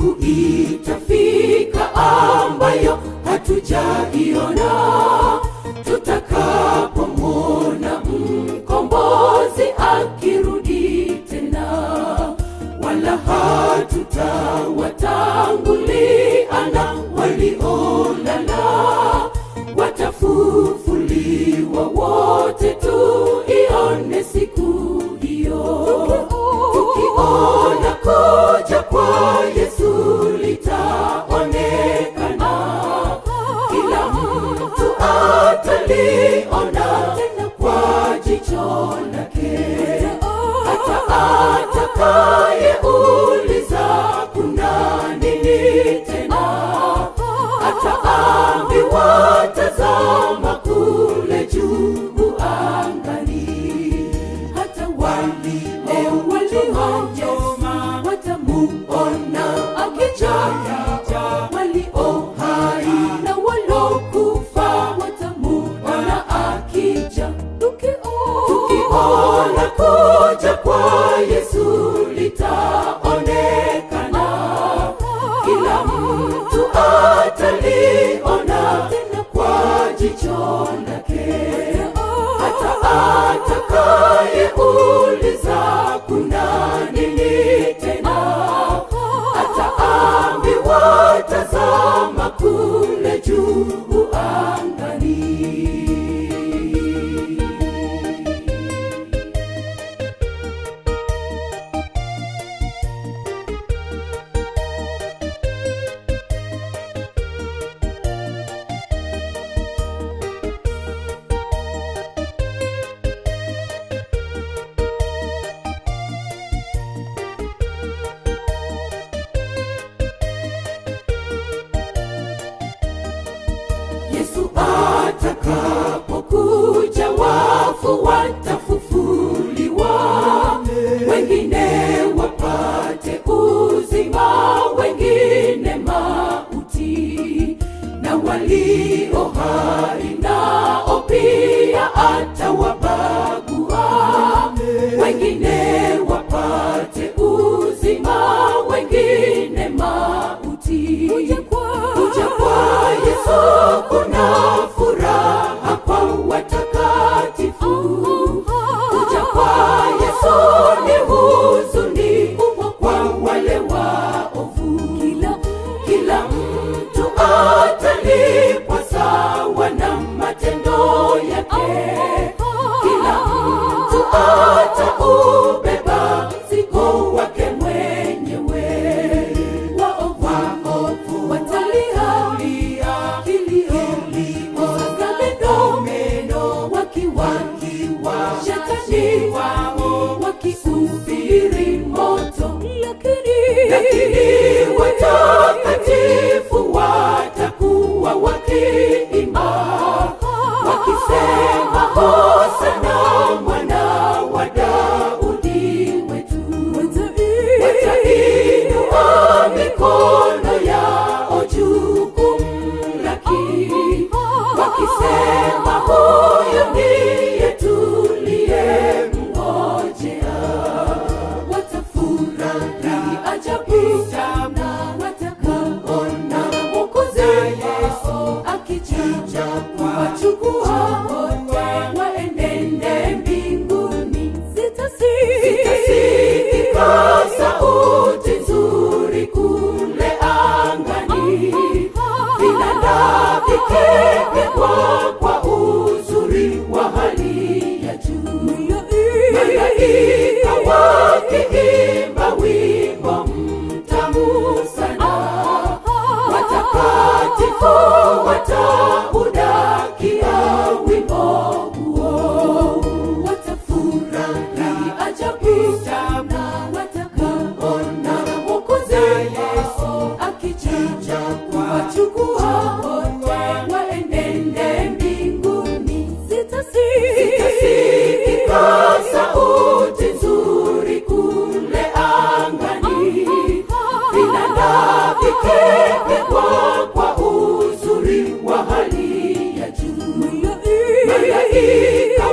nikuita Lord. yaliyo hai nao pia atawabagua wengine wapate uzima wengine mauti kuja kwa yesu kuna furaha kwa watakatifu kuja kwa yesu ni huzuni kwa wale waovu kila, kila mtu wakiwa shetaniwa wakiubiri moto, lakini, lakini watoka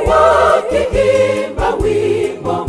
wakiimba wimbo